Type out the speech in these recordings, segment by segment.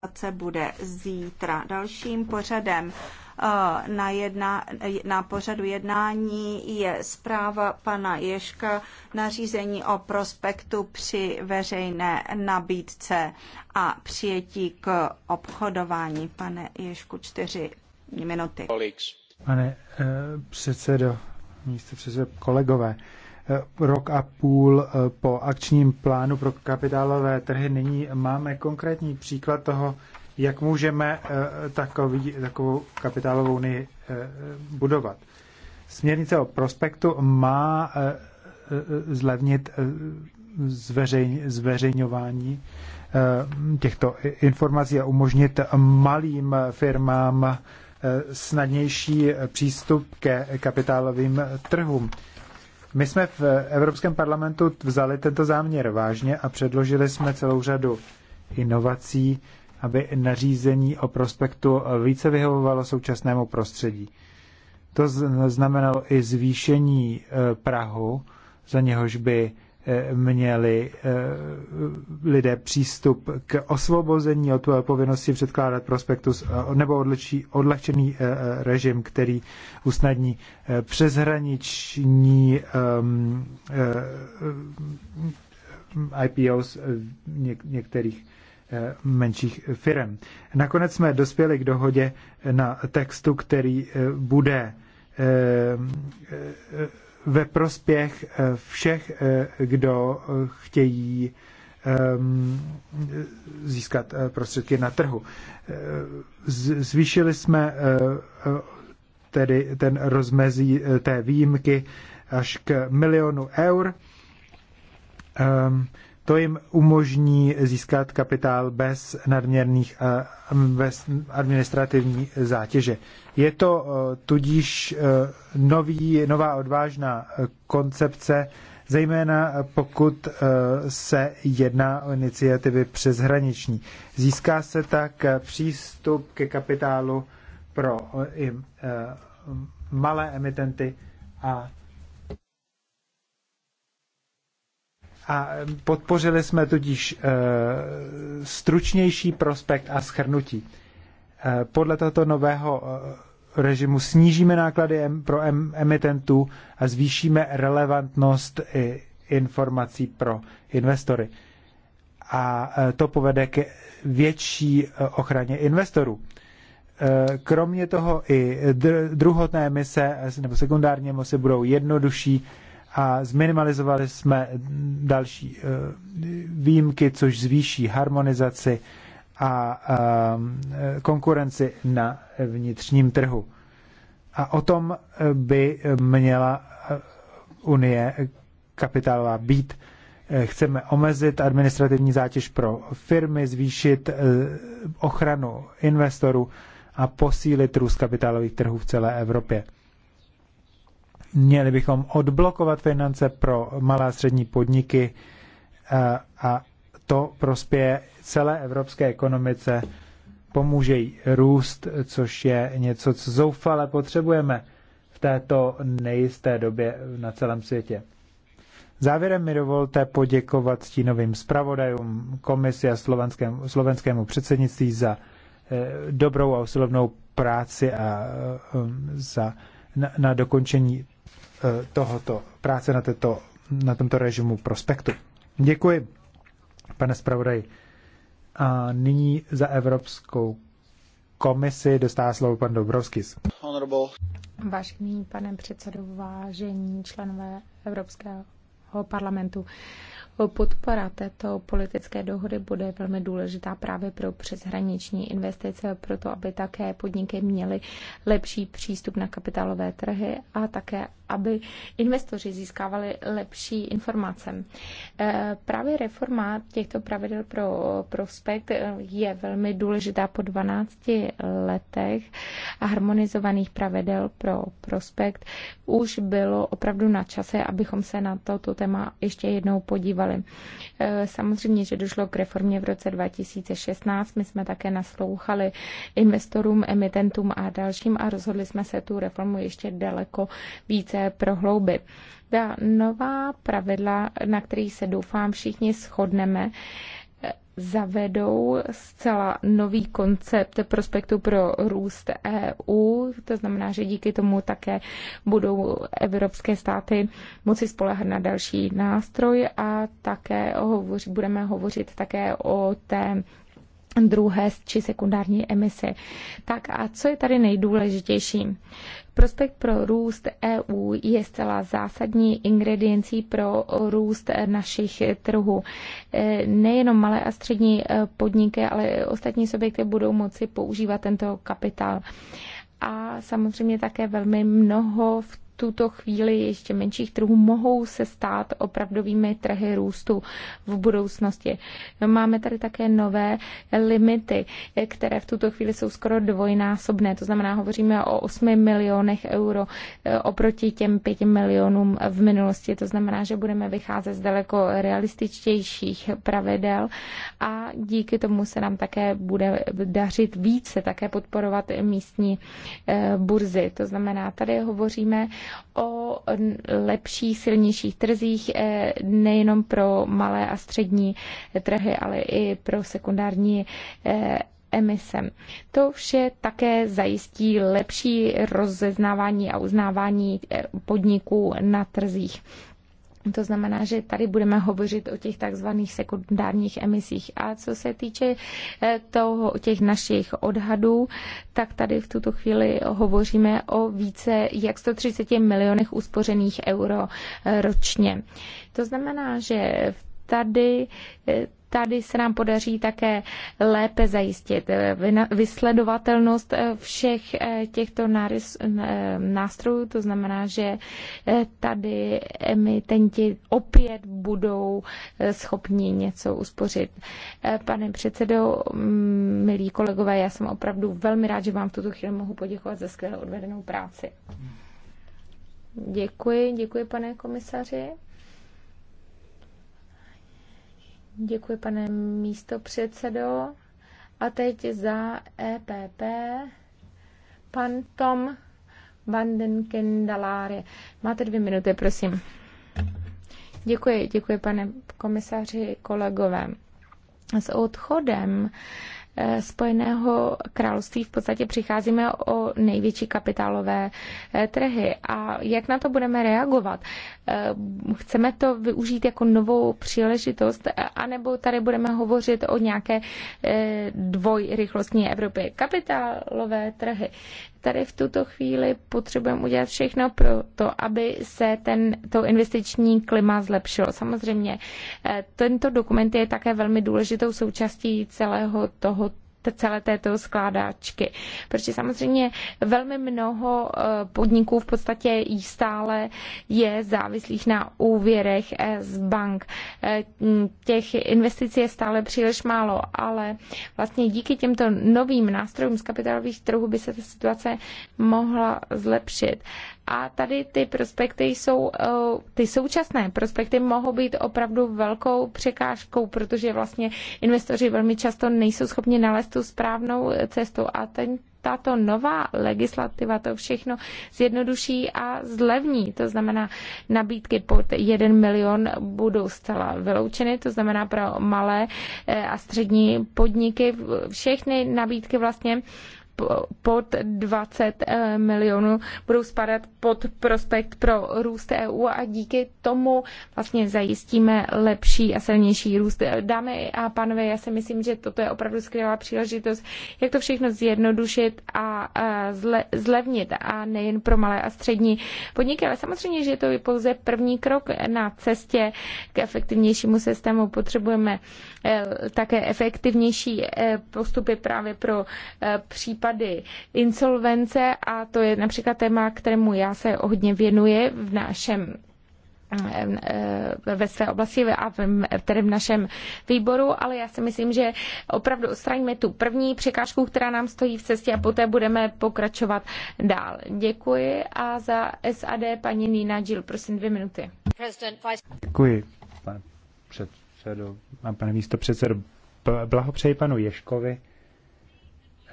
prezentace bude zítra. Dalším pořadem eh, na, jedna, na pořadu jednání je zpráva pana Ješka nařízení o prospektu při veřejné nabídce a přijetí k obchodování. Pane Ješku, čtyři minuty. Pane eh, předsedo, místo předsedo, kolegové, Eh, rok a půl eh, po akčním plánu pro kapitálové trhy. Nyní máme konkrétní příklad toho, jak můžeme eh, takový, takovou kapitálovou unii budovat. Směrnice o prospektu má zlevnit zveřejň, zveřejňování těchto informací a umožnit malým firmám snadnější přístup ke kapitálovým trhům. My jsme v Evropském parlamentu vzali tento záměr vážně a předložili jsme celou řadu inovací, aby nařízení o prospektu více vyhovovalo současnému prostředí. To znamenalo i zvýšení eh, Prahu, za něhož by měli eh, lidé přístup k osvobození od povinnosti předkládat prospektus eh, nebo odlehčený eh, režim, který usnadní přeshraniční ehm, IPOs některých menších firm. Nakonec jsme dospěli k dohodě na textu, který bude ve prospěch eh, všech, eh, kdo eh, chtějí ehm, získat prostředky na trhu. Zvýšili jsme tedy ten rozmezí té výjimky až k milionu eur. Ehm, to jim umožní získat kapitál bez nadměrných eh, bez administrativní zátěže. Je to eh, tudíž eh, nový, nová odvážná koncepce, zejména pokud se jedná o iniciativy přeshraniční. Získá se tak přístup ke kapitálu pro i malé emitenty a a podpořili jsme tudíž eh, stručnější prospekt a schrnutí. Eh, podle tohoto nového eh, režimu snížíme náklady pro emitentů a zvýšíme relevantnost informací pro investory. A to povede k větší ochraně investorů. Kromě toho i druhotné emise nebo sekundární emise budou jednodušší a zminimalizovali jsme další eh, výjimky, což zvýší harmonizaci a ehm, konkurenci na vnitřním trhu. A o tom eh, by měla eh, Unie kapitálová být. Chceme omezit administrativní zátěž pro firmy, zvýšit ochranu investorů a posílit růst kapitálových trhů v celé Evropě. Měli bychom odblokovat finance pro malé a střední podniky eh, a to prospěje celé evropské ekonomice, pomůže jí růst, což je něco, co zoufale potřebujeme v této nejisté době na celém světě. Závěrem mi dovolte poděkovat stínovým zpravodajům, komisi a slovenskému, slovenskému předsednictví za eh, dobrou a usilovnou práci a eh, za na, na dokončení eh, tohoto práce na, této, na tomto režimu prospektu. Děkuji, pane zpravodaj. A nyní za Evropskou komisi dostává slovo pan Dobrovskis. Vážený pane předsedo, vážení členové Evropského parlamentu. Podpora této politické dohody bude velmi důležitá právě pro přeshraniční investice, proto aby také podniky měly lepší přístup na kapitálové trhy a také, aby investoři získávali lepší informace. Eh, právě reforma těchto pravidel pro prospekt eh, je velmi důležitá po 12 letech a harmonizovaných pravidel pro prospekt už bylo opravdu na čase, abychom se na toto téma ještě jednou podívali. Eh, samozřejmě, že došlo k reformě v roce 2016. My jsme také naslouchali investorům, emitentům a dalším a rozhodli jsme se tu reformu ještě daleko více se prohloubit. Ta nová pravidla, na kterých se doufám všichni shodneme, zavedou zcela nový koncept prospektu pro růst EU. To znamená, že díky tomu také budou evropské státy moci spolehat na další nástroj a také hovoř, budeme hovořit také o té druhé či sekundární emise. Tak a co je tady nejdůležitější? Prospekt pro růst EU je zcela zásadní ingrediencí pro růst našich trhů. E, nejenom malé a střední e, podniky, ale i ostatní subjekty budou moci používat tento kapitál. A samozřejmě také velmi mnoho v tuto chvíli ještě menších trhů mohou se stát opravdovými trhy růstu v budoucnosti. No, máme tady také nové limity, které v tuto chvíli jsou skoro dvojnásobné. To znamená, hovoříme o 8 milionech euro eh, oproti těm 5 milionům v minulosti. To znamená, že budeme vycházet z daleko realističtějších pravidel a díky tomu se nám také bude dařit více také podporovat místní eh, burzy. To znamená, tady hovoříme o lepších, silnějších trzích eh, nejenom pro malé a střední trhy, ale i pro sekundární eh, emisem. To vše také zajistí lepší rozeznávání a uznávání eh, podniků na trzích. To znamená, že tady budeme hovořit o těch takzvaných sekundárních emisích. A co se týče eh, toho, těch našich odhadů, tak tady v tuto chvíli hovoříme o více jak 130 milionech uspořených euro eh, ročně. To znamená, že v tady eh, tady se nám podaří také lépe zajistit eh, vysledovatelnost eh, všech eh, těchto nárys, nástrojů. To znamená, že tady emitenti opět budou schopni něco uspořit. Pane předsedo, mm, milí kolegové, já jsem opravdu velmi rád, že vám v tuto chvíli mohu poděkovat za skvěle odvedenou práci. Děkuji, děkuji pane komisaři. Děkuji, pane místo předsedo. A teď za EPP pan Tom Vandenkendalare. Máte dvě minuty, prosím. Děkuji, děkuji, pane komisaři, kolegové. S odchodem Eh, Spojeného království v podstatě přicházíme o největší kapitálové eh, trhy. A jak na to budeme reagovat? Eh, chceme to využít jako novou příležitost, anebo tady budeme hovořit o nějaké dvojrychlostní Evropě? Kapitálové trhy tady v tuto chvíli potřebujeme udělat všechno pro to, aby se ten, to investiční klima zlepšilo. Samozřejmě eh, tento dokument je také velmi důležitou součástí celého toho celé této skládáčky. Protože samozřejmě velmi mnoho eh, podniků v podstatě stále je závislých na úvěrech z bank. Eh, těch investic je stále příliš málo, ale vlastně díky těmto novým nástrojům z kapitálových trhů by se ta situace mohla zlepšit. A tady ty prospekty jsou, eh, ty současné prospekty mohou být opravdu velkou překážkou, protože vlastně investoři velmi často nejsou schopni nalézt tu správnou cestu. A ten, tato nová legislativa to všechno zjednoduší a zlevní. To znamená, nabídky pod 1 milion budou zcela vyloučeny, to znamená pro malé eh, a střední podniky všechny nabídky vlastně pod 20 eh, milionů budou spadat pod prospekt pro růst EU a díky tomu vlastně zajistíme lepší a silnější růst. Dámy a pánové, já si myslím, že toto je opravdu skvělá příležitost, jak to všechno zjednodušit a eh, zle, zlevnit a nejen pro malé a střední podniky, ale samozřejmě, že to je pouze první krok na cestě k efektivnějšímu systému. Potřebujeme eh, také efektivnější postupy právě pro případ případy insolvence a to je například téma, kterému já se hodně věnuji v našem mm, eh, ve své oblasti a v, tedy v našem výboru, ale já si myslím, že opravdu odstraníme tu první překážku, která nám stojí v cestě a poté budeme pokračovat dál. Děkuji a za SAD paní Nina Jill, prosím dvě minuty. Děkuji, pane předsedo pane místo předsedo. Blahopřeji panu Ješkovi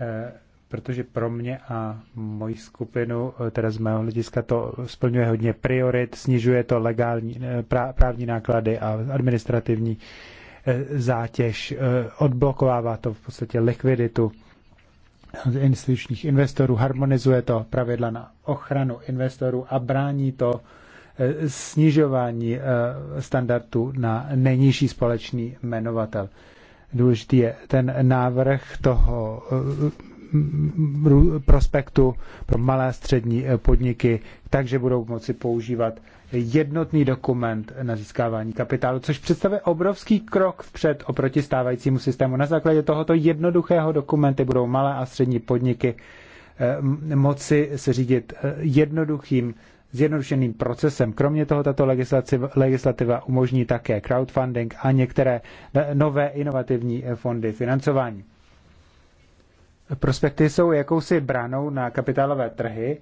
eh, protože pro mě a moji skupinu, eh, teda z mého hlediska, to splňuje hodně priorit, snižuje to legální, eh, právní náklady a administrativní eh, zátěž, odblokovává to v podstatě likviditu institučních investorů, harmonizuje to pravidla na ochranu investorů a brání to snižování standardů na nejnižší společný jmenovatel. Důležitý je ten návrh toho prospektu pro malé a střední eh, podniky, takže budou moci používat jednotný dokument na získávání kapitálu, což představuje obrovský krok vpřed oproti stávajícímu systému. Na základě tohoto jednoduchého dokumenty budou malé a střední podniky eh, moci se řídit eh, jednoduchým zjednodušeným procesem. Kromě toho tato legislativa umožní také crowdfunding a některé nové inovativní fondy financování. Prospekty jsou jakousi branou na kapitálové trhy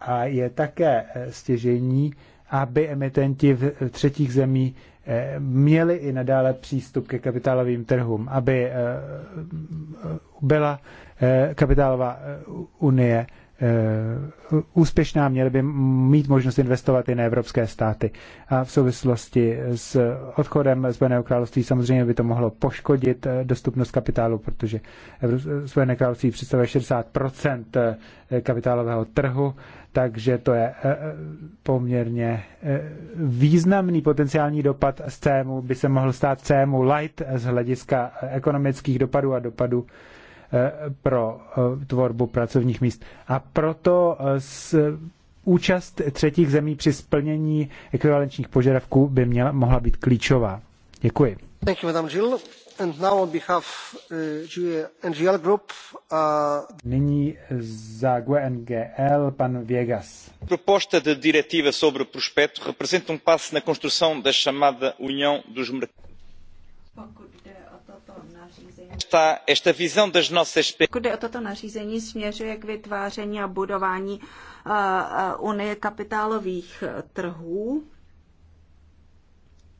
a je také eh, stěžení, aby emitenti v třetích zemí eh, měli i nadále přístup ke kapitálovým trhům, aby eh, byla kapitálová unie Eh, úspěšná, měly by mít možnost investovat i na evropské státy. A v souvislosti s odchodem Spojeného království samozřejmě by to mohlo poškodit eh, dostupnost kapitálu, protože Spojené království představuje 60% eh, kapitálového trhu, takže to je poměrně významný potenciální dopad z CMU, by se mohl stát CMU light z hlediska ekonomických dopadů a dopadů Eh, pro eh, tvorbu pracovních míst. A proto eh, s účast třetích zemí při splnění ekvivalenčních požadavků by měla, mohla být klíčová. Děkuji. Thank you, Jill. And now on behalf uh, NGL Group. Uh... Nyní za GUE NGL pan Viegas. Proposta de diretiva sobre prospecto representa um passo na construção da chamada União dos Mercados. Pokud jde o toto nařízení, směřuje k vytváření a budování eh, eh, unie kapitálových eh, trhů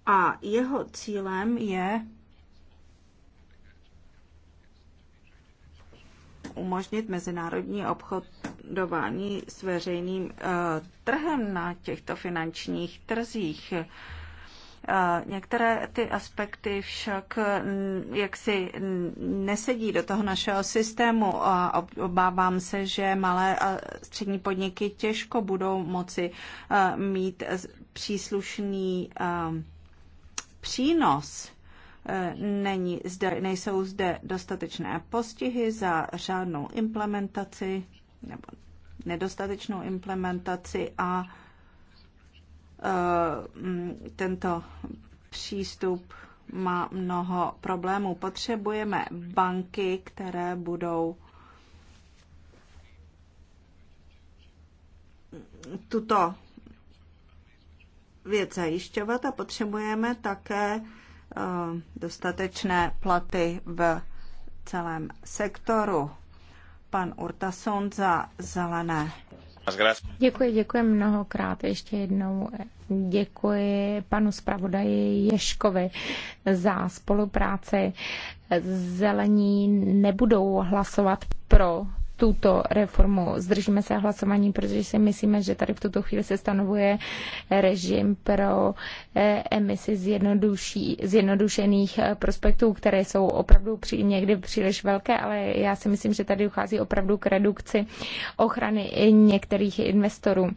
a jeho cílem je umožnit mezinárodní obchodování s veřejným trhem na těchto finančních trzích. Některé ty aspekty však mm, jaksi nesedí do toho našeho systému a obávám se, že malé a střední podniky těžko budou moci mít příslušný přínos e, není zde, nejsou zde dostatečné postihy za řádnou implementaci nebo nedostatečnou implementaci a Eh, mm, tento přístup má mnoho problémů. Potřebujeme banky, které budou tuto věc zajišťovat a potřebujeme také eh, dostatečné platy v celém sektoru. Pan Urtason za zelené Děkuji, děkuji mnohokrát. Ještě jednou děkuji panu zpravodaji Ješkovi za spolupráci. Zelení nebudou hlasovat pro tuto reformu. Zdržíme se hlasování, protože si myslíme, že tady v tuto chvíli se stanovuje režim pro eh, emisi zjednodušených eh, prospektů, které jsou opravdu při, někdy příliš velké, ale já si myslím, že tady dochází opravdu k redukci ochrany i některých investorů.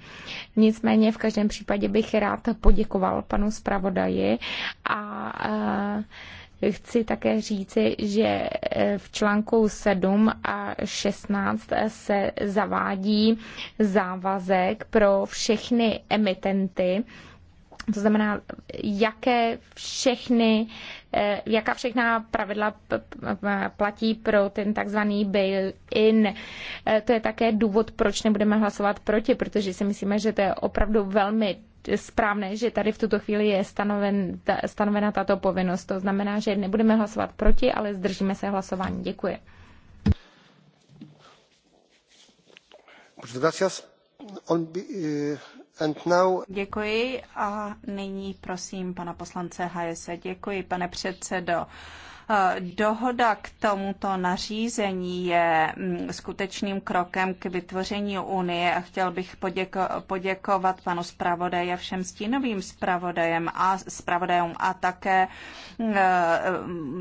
Nicméně v každém případě bych rád poděkoval panu zpravodaji a eh, chci také říci, že eh, v článku 7 a 16 se zavádí závazek pro všechny emitenty, to znamená, jaké všechny, eh, jaká všechna pravidla platí pro ten takzvaný bail-in. Eh, to je také důvod, proč nebudeme hlasovat proti, protože si myslíme, že to je opravdu velmi správné, že tady v tuto chvíli je stanoven, ta, stanovena tato povinnost. To znamená, že nebudeme hlasovat proti, ale zdržíme se hlasování. Děkuji. Eh, Děkuji a nyní prosím pana poslance Hajese. Děkuji, pane předsedo. Eh, dohoda k tomuto nařízení je mm, skutečným krokem k vytvoření Unie a chtěl bych poděko- poděkovat panu zpravodaji a všem stínovým zpravodajem a zpravodajům a také mm, eh,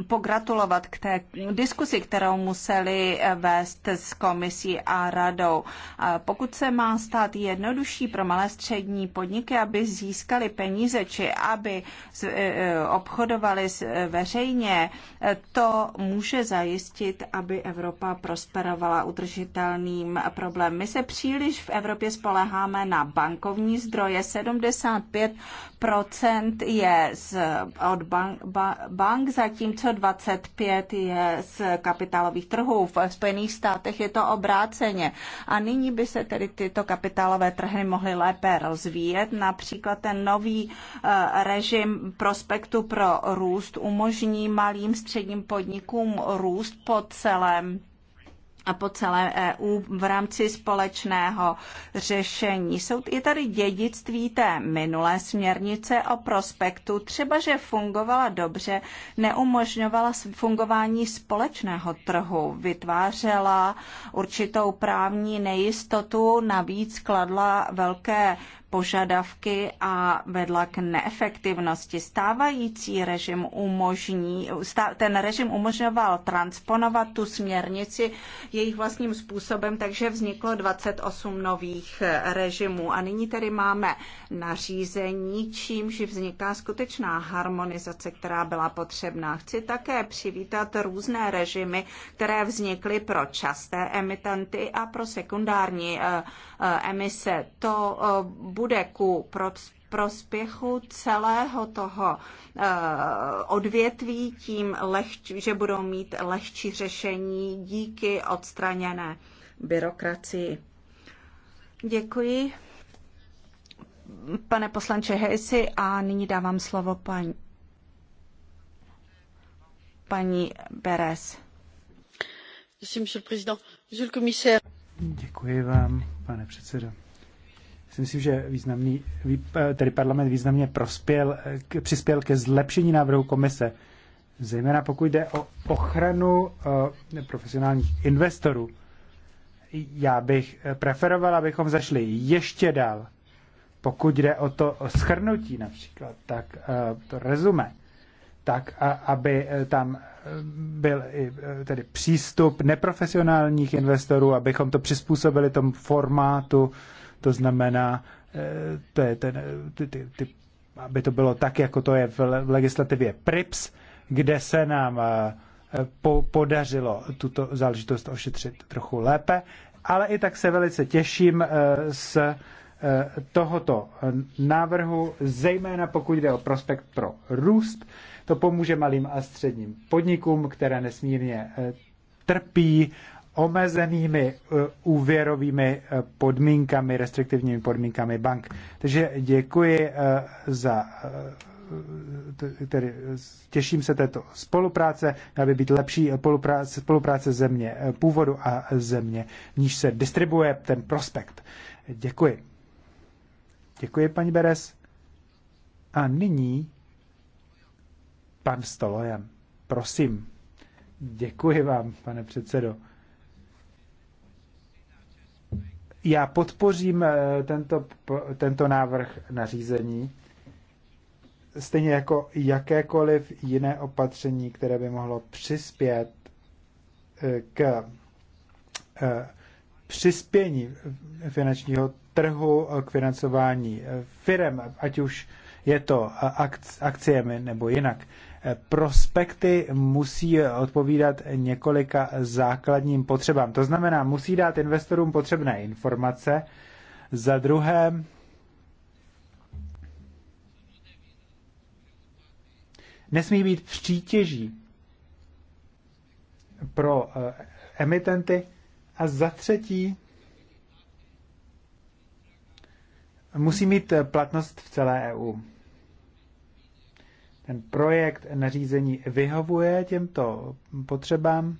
pogratulovat k té diskusi, kterou museli eh, vést s komisí a radou. Pokud se má stát jednodušší pro malé střední podniky, aby získali peníze či aby obchodovali veřejně, to může zajistit, aby Evropa prosperovala udržitelným problémem. My se příliš v Evropě spoleháme na bankovní zdroje. 75 je z, od bank, ba, bank, zatímco 25 je z kapitálových trhů. V Spojených státech je to obráceně. A nyní by se tedy tyto kapitálové trhy mohly lépe rozvíjet. Například ten nový eh, režim prospektu pro růst umožní malým středním podnikům růst po celém a po celé EU v rámci společného řešení. Jsou, je tady dědictví té minulé směrnice o prospektu, třeba že fungovala dobře, neumožňovala fungování společného trhu, vytvářela určitou právní nejistotu, navíc kladla velké požadavky a vedla k neefektivnosti. Stávající režim umožní, ten režim umožňoval transponovat tu směrnici jejich vlastním způsobem, takže vzniklo 28 nových režimů. A nyní tedy máme nařízení, čímž vzniká skutečná harmonizace, která byla potřebná. Chci také přivítat různé režimy, které vznikly pro časté emitenty a pro sekundární eh, eh, emise. To eh, bude ku prospěchu celého toho eh, odvětví tím, lehčí, že budou mít lehčí řešení díky odstraněné byrokracii. Děkuji, pane poslanče Hejsi, a nyní dávám slovo paní, paní Beres. Děkuji vám, pane předsedo si myslím, že významný, eh, tedy parlament významně prospěl, eh, k, přispěl ke zlepšení návrhu komise, zejména pokud jde o ochranu uh, profesionálních investorů. Já bych preferoval, abychom zašli ještě dál. Pokud jde o to o schrnutí například, tak uh, to rezume, tak a, aby tam byl i tedy přístup neprofesionálních investorů, abychom to přizpůsobili tomu formátu to znamená, eh, to je ten, ty, ty, ty, aby to bylo tak, jako to je v legislativě PRIPS, kde se nám eh, po, podařilo tuto záležitost ošetřit trochu lépe, ale i tak se velice těším eh, z tohoto návrhu, zejména pokud jde o prospekt pro růst. To pomůže malým a středním podnikům, které nesmírně trpí omezenými eh, úvěrovými eh, podmínkami, restriktivními podmínkami bank. Takže děkuji eh, za tedy těším se této spolupráce, měla by být lepší spolupráce, spolupráce země původu a země, v níž se distribuje ten prospekt. Děkuji. Děkuji, paní Beres. A nyní pan Stolojan. Prosím. Děkuji vám, pane předsedo. já podpořím eh, tento, tento návrh nařízení, stejně jako jakékoliv jiné opatření, které by mohlo přispět eh, k eh, přispění finančního trhu k financování firem, ať už je to akciemi nebo jinak prospekty musí odpovídat několika základním potřebám. To znamená, musí dát investorům potřebné informace. Za druhé, nesmí být přítěží pro eh, emitenty. A za třetí, musí mít platnost v celé EU ten projekt nařízení vyhovuje těmto potřebám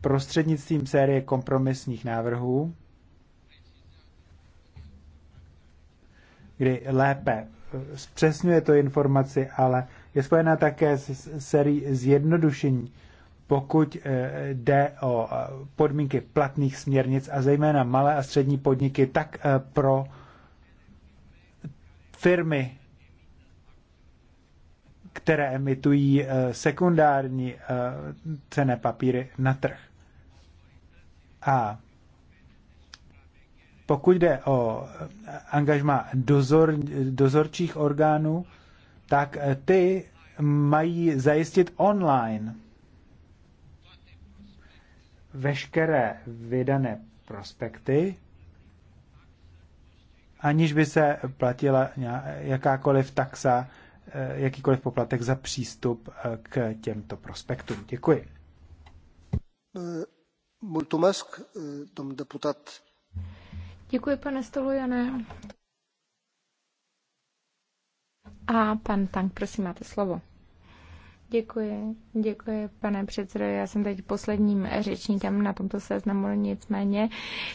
prostřednictvím série kompromisních návrhů, kdy lépe zpřesňuje to informaci, ale je spojená také s sérií zjednodušení, pokud eh, jde o eh, podmínky platných směrnic a zejména malé a střední podniky, tak eh, pro firmy které emitují eh, sekundární eh, cené papíry na trh. A pokud jde o eh, angažma dozor, dozorčích orgánů, tak ty mají zajistit online veškeré vydané prospekty, aniž by se platila jakákoliv taxa Eh, jakýkoliv poplatek za přístup eh, k těmto prospektům. Děkuji. Eh, Mulțumesc, domn deputat. Děkuji, pane Stolujané. A pan Tank, prosím, máte slovo. Děkuji, děkuji, pane předsedo. Já jsem teď posledním řečníkem na tomto seznamu, nicméně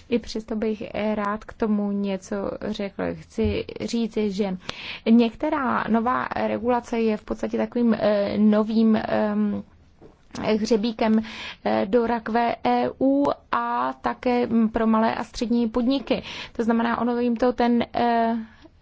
i přesto bych rád k tomu něco řekl. Chci říci, že některá nová regulace je v podstatě takovým eh, novým ehm, hřebíkem eh, do rakve EU a také pro malé a střední podniky. To znamená, ono jim to ten eh,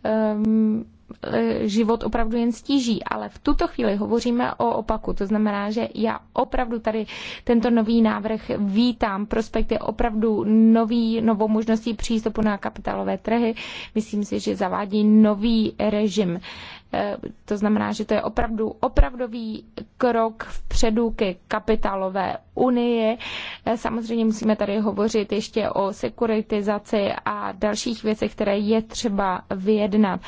ehm, E, život opravdu jen stíží, ale v tuto chvíli hovoříme o opaku. To znamená, že já opravdu tady tento nový návrh vítám. Prospekt je opravdu nový, novou možností přístupu na kapitálové trhy. Myslím si, že zavádí nový režim Eh, to znamená, že to je opravdu opravdový krok vpředu ke kapitálové unii. Eh, samozřejmě musíme tady hovořit ještě o sekuritizaci a dalších věcech, které je třeba vyjednat,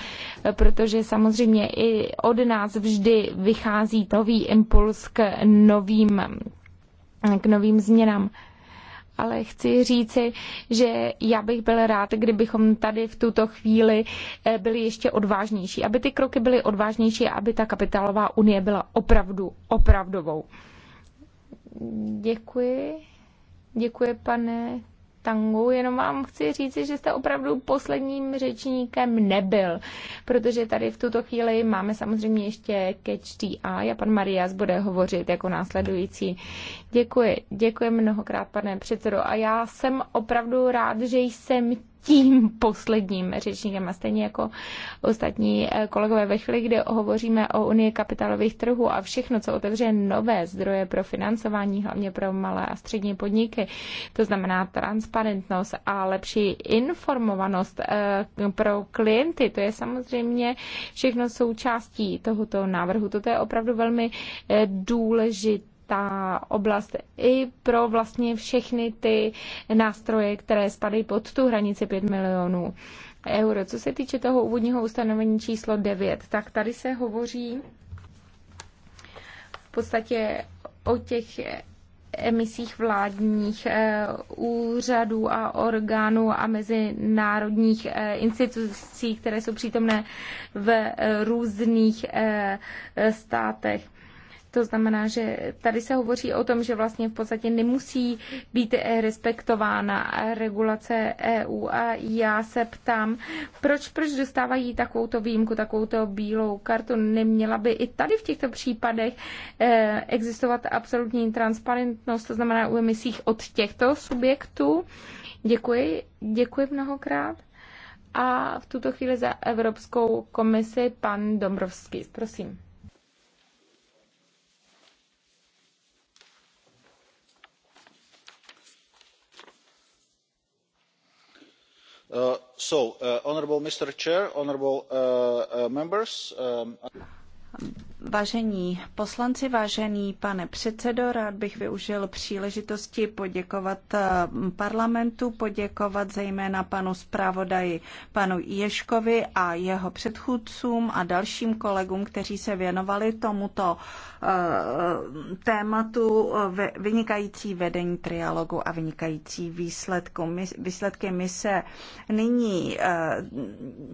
eh, protože samozřejmě i od nás vždy vychází nový impuls k novým, k novým změnám ale chci říci, že já bych byl rád, kdybychom tady v tuto chvíli eh, byli ještě odvážnější, aby ty kroky byly odvážnější a aby ta kapitálová unie byla opravdu opravdovou. Děkuji. Děkuji, pane tangu, jenom vám chci říci, že jste opravdu posledním řečníkem nebyl, protože tady v tuto chvíli máme samozřejmě ještě catch a a pan Marias bude hovořit jako následující. Děkuji, děkuji mnohokrát, pane předsedo, a já jsem opravdu rád, že jsem tím posledním řečníkem a stejně jako ostatní eh, kolegové ve chvíli, kdy hovoříme o unii kapitálových trhů a všechno, co otevře nové zdroje pro financování, hlavně pro malé a střední podniky, to znamená transparentnost a lepší informovanost eh, pro klienty, to je samozřejmě všechno součástí tohoto návrhu. Toto je opravdu velmi eh, důležité ta oblast i pro vlastně všechny ty nástroje, které spadají pod tu hranici 5 milionů euro. Co se týče toho úvodního ustanovení číslo 9, tak tady se hovoří v podstatě o těch emisích vládních eh, úřadů a orgánů a mezinárodních eh, institucí, které jsou přítomné v eh, různých státech. To znamená, že tady se hovoří o tom, že vlastně v podstatě nemusí být respektována regulace EU a já se ptám, proč, proč dostávají takovouto výjimku, takovouto bílou kartu? Neměla by i tady v těchto případech eh, existovat absolutní transparentnost, to znamená u emisích od těchto subjektů? Děkuji, děkuji mnohokrát. A v tuto chvíli za Evropskou komisi pan Dombrovský. Prosím. Uh, so uh, honourable mr president honourable uh, members i um, Vážení poslanci, vážený pane předsedo, rád bych využil příležitosti poděkovat eh, parlamentu, poděkovat zejména panu zpravodaji, panu Ješkovi a jeho předchůdcům a dalším kolegům, kteří se věnovali tomuto eh, tématu eh, vynikající vedení trialogu a vynikající výsledku. výsledky my se nyní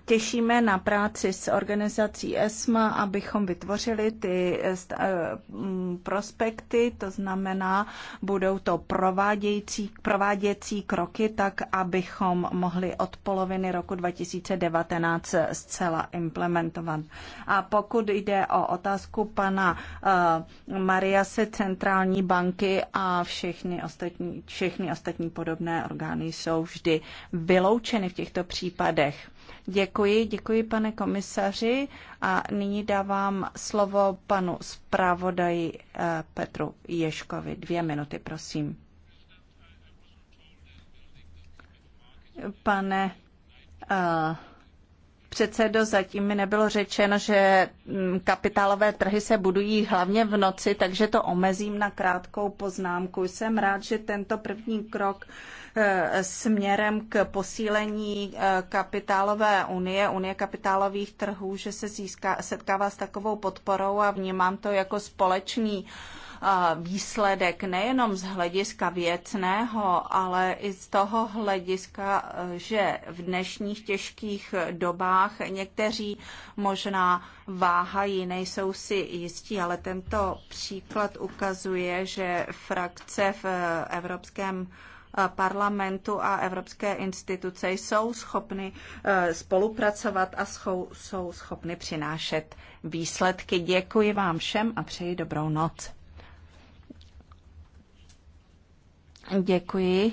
těšíme na práci s organizací ESMA, abychom vytvořili vytvořili ty eh, eh, mm, prospekty, to znamená, budou to provádějící, prováděcí kroky, tak abychom mohli od poloviny roku 2019 zcela implementovat. A pokud jde o otázku pana eh, Mariase Centrální banky a všechny ostatní, všechny ostatní podobné orgány jsou vždy vyloučeny v těchto případech. Děkuji, děkuji pane komisaři a nyní dávám slovo panu zpravodaji eh, Petru Ješkovi. Dvě minuty, prosím. Pane uh, předsedo, zatím mi nebylo řečeno, že mm, kapitálové trhy se budují hlavně v noci, takže to omezím na krátkou poznámku. Jsem rád, že tento první krok eh, směrem k posílení eh, kapitálové unie, unie kapitálových trhů, že se získá, setkává s takovou podporou a vnímám to jako společný výsledek nejenom z hlediska věcného, ale i z toho hlediska, e, že v dnešních těžkých dobách někteří možná váhají, nejsou si jistí, ale tento příklad ukazuje, že frakce v e, Evropském e, parlamentu a evropské instituce jsou schopny spolupracovat a jsou schopny přinášet výsledky. Děkuji vám všem a přeji dobrou noc. Děkuji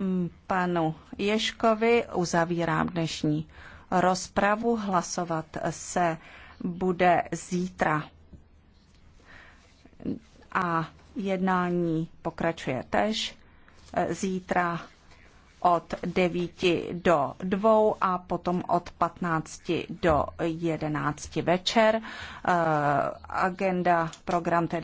mm, panu Ješkovi. Uzavírám dnešní rozpravu. Hlasovat se bude zítra. A jednání pokračuje tež zítra od 9 do 2 a potom od 15 do 11 večer. Eh, agenda, program tedy